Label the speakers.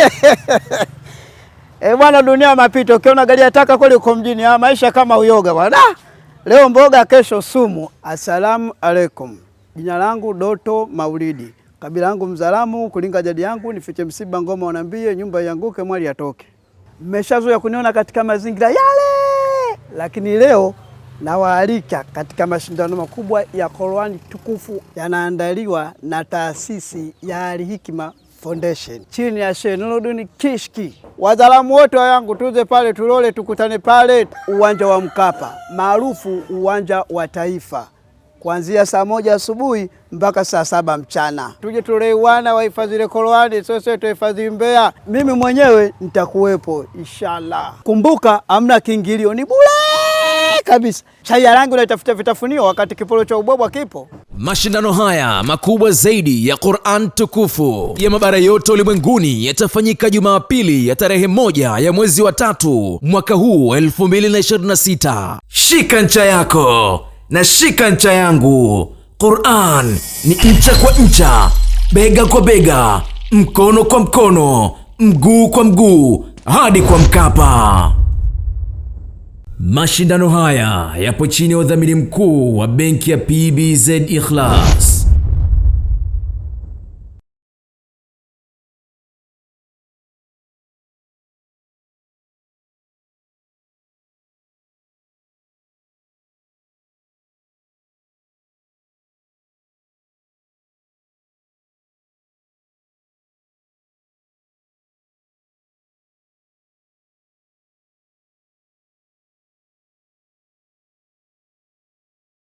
Speaker 1: E bwana, dunia mapito. Ukiona gari ya taka kweli uko mjini. Ah, maisha kama uyoga bwana. Ah, leo mboga, kesho sumu. Asalamu alaikum. Jina langu Doto Maulidi, kabila langu Mzalamu, kulinga jadi yangu nifiche msiba ngoma wanambie, nyumba ianguke mwali atoke. Mmeshazoea kuniona katika mazingira yale, lakini leo nawaalika katika mashindano makubwa ya Qur'ani tukufu yanaandaliwa na taasisi ya Alhikma Foundation chini ya Sheikh Nuruddin Kishki. Wazalamu wote wa yangu tuze pale tulole, tukutane pale uwanja wa Mkapa maarufu uwanja wa Taifa, kuanzia saa moja asubuhi mpaka saa saba mchana. Tuje tuleiwana wahifadhile Qur'ani, sose tuhifadhi Mbeya. Mimi mwenyewe nitakuwepo inshallah. Kumbuka, amna kiingilio, ni bure kabisa. Shaya langu naitafuta vitafunio wakati kiporo cha ubwabwa kipo.
Speaker 2: Mashindano haya makubwa zaidi ya Qur'an tukufu ya mabara yote ulimwenguni yatafanyika Jumapili ya tarehe moja ya mwezi wa tatu mwaka huu 2026.
Speaker 3: Shika ncha yako na shika ncha yangu. Qur'an ni ncha kwa ncha, bega kwa bega, mkono kwa mkono, mguu kwa mguu hadi kwa Mkapa.
Speaker 2: Mashindano haya yapo chini ya udhamini mkuu wa benki ya PBZ Ikhlas.